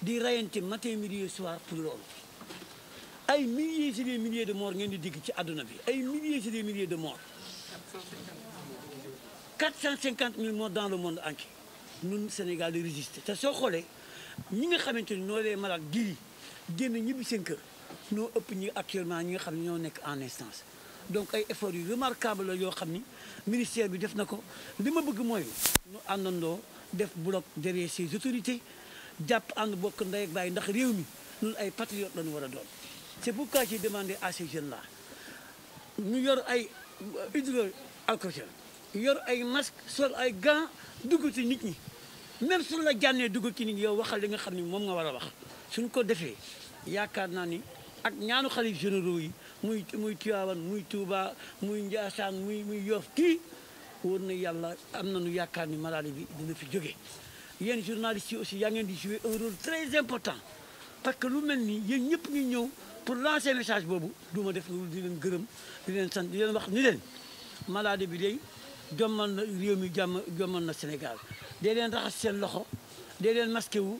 di reyante matin midi et soir pour a ay milliers et des milliers de morts ngeen di dig ci aduna bi ay milliers et des milliers de morts 450 000 morts dans le monde entier Nous, Sénégal De résister te soo xoolee ñi nga xamanteni no lay malak malade genn génn ñibbi seen kër ñoo ëpp ñi actuellement ñi nga xamni ne ñoo en instance donc ay efforts remarquables remarquable xamni ministère bi def nako ko bëgg moy ñu andando def bloc derrière ces autorités jàpp ànd bokk ndey ak ndax réew mi ñun ay patriote lañu war a doon c'est pourquoi j'ai demandé à ces la là ñu yor ay euh, hydroalcool yor ay masque sol ay gants dugg ci nit ñi même su la jànnee dugg ci nit ñi yow waxal li nga xam ne moom nga war a wax suñ ko defee yaakaar naa ni ak ñaanu xalif généraux yi muy muy Tivaouane muy Touba muy Ndiassane muy muy Yoff kii wóor na yàlla am na nañu yaakaar ni maladie bi dina fi jóge yéen journalistes yi aussi yaa ngeen di jouer un rôle très important parce que lu mel nii yéen ñëpp ñu ñëw pour lancer message boobu du ma def loolu di leen gërëm di leen sant di leen wax ni leen maladie bi day jommal na réew mi jàmm jommal na Sénégal dee leen raxas seen loxo dee leen masqué wu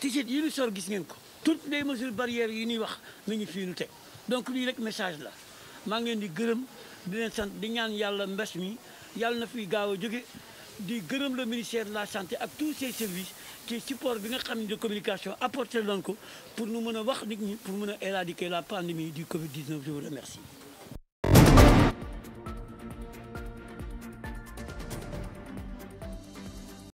tisit yi ñu sor gis ngeen ko toutes les mesures barrières yi ñuy wax mi ngi fii nu teg donc lii rek message la maa ngi leen di gërëm di leen sant di ñaan yàlla mbes mi yàlla na fi gaaw a jóge du le ministère de la santé à tous ses services qui supportent bi nga de communication apportée pour nous éradiquer la pandémie du Covid 19 je vous remercie.